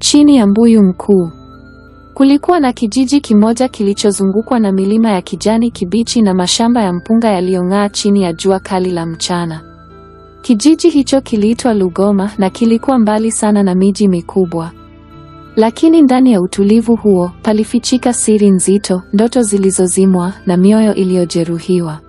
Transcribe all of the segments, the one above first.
Chini ya mbuyu mkuu kulikuwa na kijiji kimoja kilichozungukwa na milima ya kijani kibichi na mashamba ya mpunga yaliyong'aa chini ya jua kali la mchana. Kijiji hicho kiliitwa Lugoma na kilikuwa mbali sana na miji mikubwa, lakini ndani ya utulivu huo palifichika siri nzito, ndoto zilizozimwa na mioyo iliyojeruhiwa.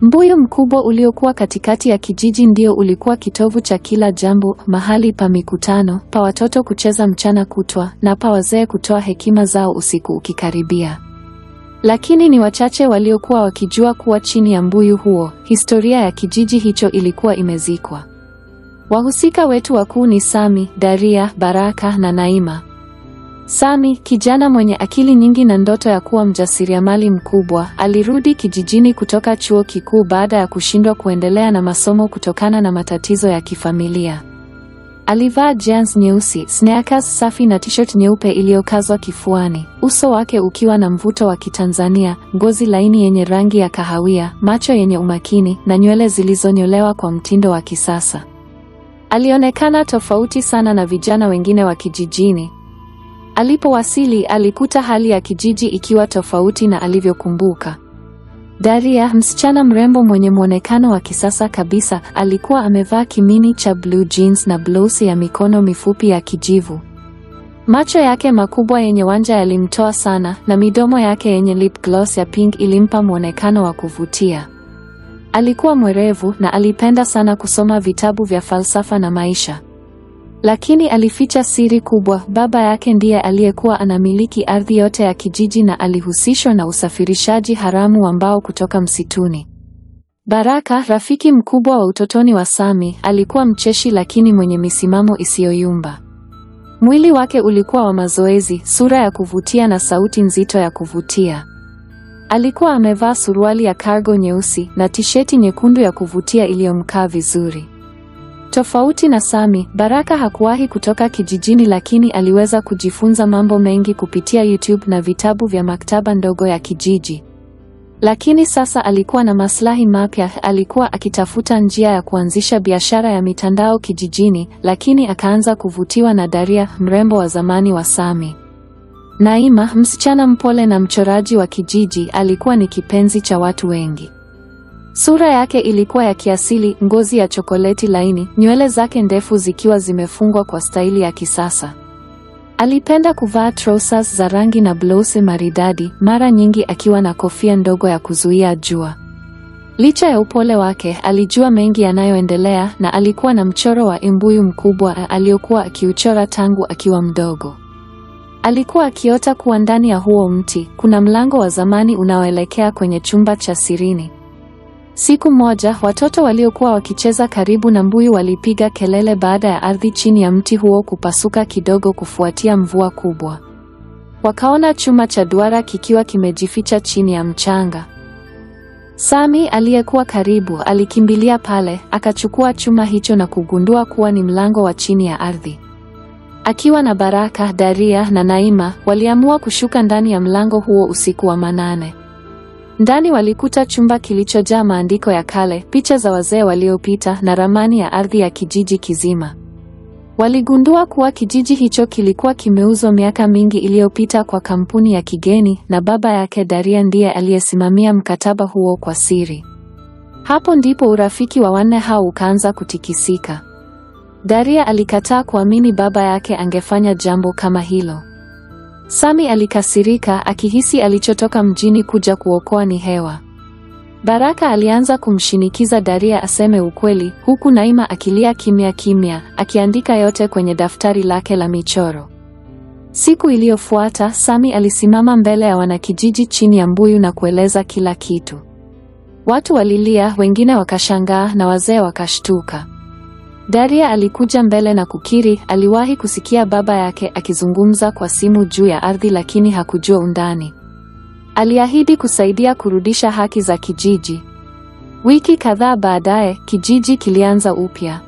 Mbuyu mkubwa uliokuwa katikati ya kijiji ndio ulikuwa kitovu cha kila jambo, mahali pa mikutano, pa watoto kucheza mchana kutwa na pa wazee kutoa hekima zao usiku ukikaribia. Lakini ni wachache waliokuwa wakijua kuwa chini ya mbuyu huo, historia ya kijiji hicho ilikuwa imezikwa. Wahusika wetu wakuu ni Sami, Daria, Baraka na Naima. Sami, kijana mwenye akili nyingi na ndoto ya kuwa mjasiriamali mkubwa, alirudi kijijini kutoka chuo kikuu baada ya kushindwa kuendelea na masomo kutokana na matatizo ya kifamilia. Alivaa jeans nyeusi, sneakers safi na t-shirt nyeupe iliyokazwa kifuani, uso wake ukiwa na mvuto wa Kitanzania, ngozi laini yenye rangi ya kahawia, macho yenye umakini na nywele zilizonyolewa kwa mtindo wa kisasa. Alionekana tofauti sana na vijana wengine wa kijijini, Alipowasili alikuta hali ya kijiji ikiwa tofauti na alivyokumbuka. Daria, msichana mrembo mwenye mwonekano wa kisasa kabisa, alikuwa amevaa kimini cha blue jeans na blouse ya mikono mifupi ya kijivu. Macho yake makubwa yenye wanja yalimtoa sana na midomo yake yenye lip gloss ya pink ilimpa mwonekano wa kuvutia. Alikuwa mwerevu na alipenda sana kusoma vitabu vya falsafa na maisha. Lakini alificha siri kubwa. Baba yake ndiye aliyekuwa anamiliki ardhi yote ya kijiji na alihusishwa na usafirishaji haramu wa mbao kutoka msituni. Baraka, rafiki mkubwa wa utotoni wa Sami, alikuwa mcheshi lakini mwenye misimamo isiyoyumba. Mwili wake ulikuwa wa mazoezi, sura ya kuvutia na sauti nzito ya kuvutia. Alikuwa amevaa suruali ya cargo nyeusi na tisheti nyekundu ya kuvutia iliyomkaa vizuri. Tofauti na Sami, Baraka hakuwahi kutoka kijijini lakini aliweza kujifunza mambo mengi kupitia YouTube na vitabu vya maktaba ndogo ya kijiji. Lakini sasa alikuwa na maslahi mapya, alikuwa akitafuta njia ya kuanzisha biashara ya mitandao kijijini, lakini akaanza kuvutiwa na Daria, mrembo wa zamani wa Sami. Naima, msichana mpole na mchoraji wa kijiji, alikuwa ni kipenzi cha watu wengi. Sura yake ilikuwa ya kiasili, ngozi ya chokoleti laini, nywele zake ndefu zikiwa zimefungwa kwa staili ya kisasa. Alipenda kuvaa trousers za rangi na blouse maridadi, mara nyingi akiwa na kofia ndogo ya kuzuia jua. Licha ya upole wake, alijua mengi yanayoendelea na alikuwa na mchoro wa imbuyu mkubwa aliyokuwa akiuchora tangu akiwa mdogo. Alikuwa akiota kuwa ndani ya huo mti kuna mlango wa zamani unaoelekea kwenye chumba cha sirini. Siku moja watoto waliokuwa wakicheza karibu na mbuyu walipiga kelele baada ya ardhi chini ya mti huo kupasuka kidogo kufuatia mvua kubwa. Wakaona chuma cha duara kikiwa kimejificha chini ya mchanga. Sami aliyekuwa karibu alikimbilia pale, akachukua chuma hicho na kugundua kuwa ni mlango wa chini ya ardhi. Akiwa na Baraka, Daria na Naima waliamua kushuka ndani ya mlango huo usiku wa manane. Ndani walikuta chumba kilichojaa maandiko ya kale, picha za wazee waliopita na ramani ya ardhi ya kijiji kizima. Waligundua kuwa kijiji hicho kilikuwa kimeuzwa miaka mingi iliyopita kwa kampuni ya kigeni na baba yake Daria ndiye aliyesimamia mkataba huo kwa siri. Hapo ndipo urafiki wa wanne hao ukaanza kutikisika. Daria alikataa kuamini baba yake angefanya jambo kama hilo. Sami alikasirika akihisi alichotoka mjini kuja kuokoa ni hewa. Baraka alianza kumshinikiza Daria aseme ukweli, huku Naima akilia kimya kimya, akiandika yote kwenye daftari lake la michoro. Siku iliyofuata, Sami alisimama mbele ya wanakijiji chini ya mbuyu na kueleza kila kitu. Watu walilia, wengine wakashangaa na wazee wakashtuka. Daria alikuja mbele na kukiri aliwahi kusikia baba yake akizungumza kwa simu juu ya ardhi lakini hakujua undani. Aliahidi kusaidia kurudisha haki za kijiji. Wiki kadhaa baadaye, kijiji kilianza upya.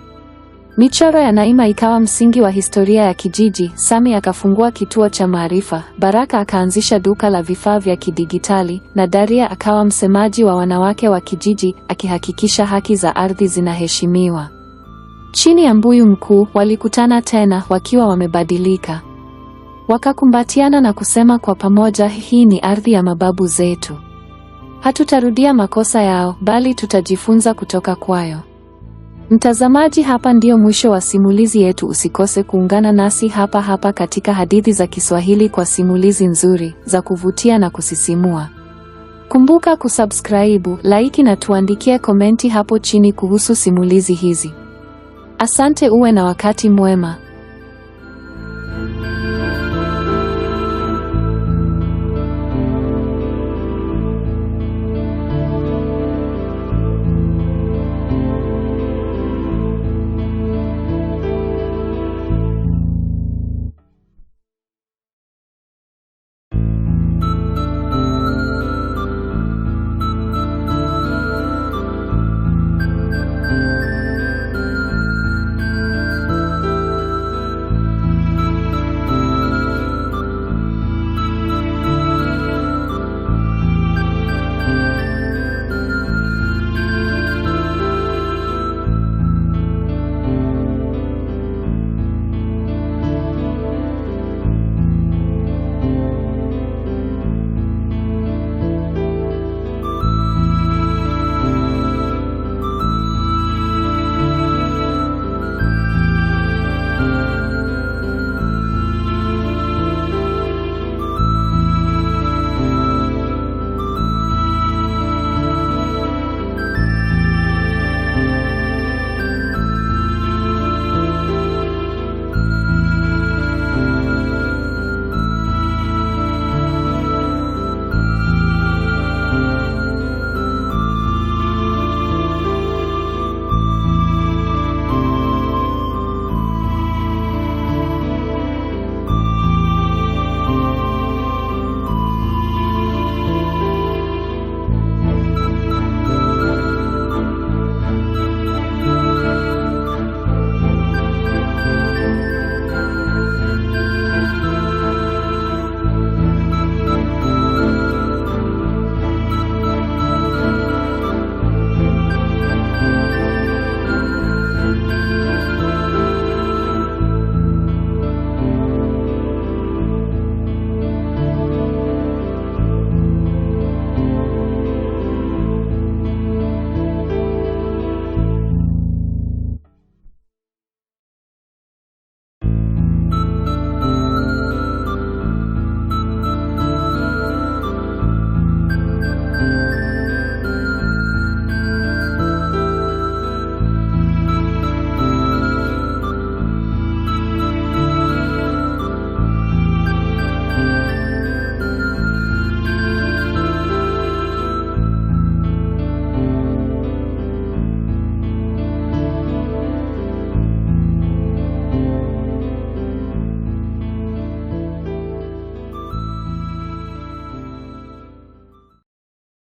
Michoro ya Naima ikawa msingi wa historia ya kijiji. Sami akafungua kituo cha maarifa, Baraka akaanzisha duka la vifaa vya kidigitali na Daria akawa msemaji wa wanawake wa kijiji akihakikisha haki za ardhi zinaheshimiwa. Chini ya mbuyu mkuu walikutana tena wakiwa wamebadilika. Wakakumbatiana na kusema kwa pamoja, hii ni ardhi ya mababu zetu. Hatutarudia makosa yao bali tutajifunza kutoka kwayo. Mtazamaji, hapa ndio mwisho wa simulizi yetu. Usikose kuungana nasi hapa hapa katika Hadithi za Kiswahili kwa simulizi nzuri za kuvutia na kusisimua. Kumbuka kusubscribe, like na tuandikie komenti hapo chini kuhusu simulizi hizi. Asante, uwe na wakati mwema.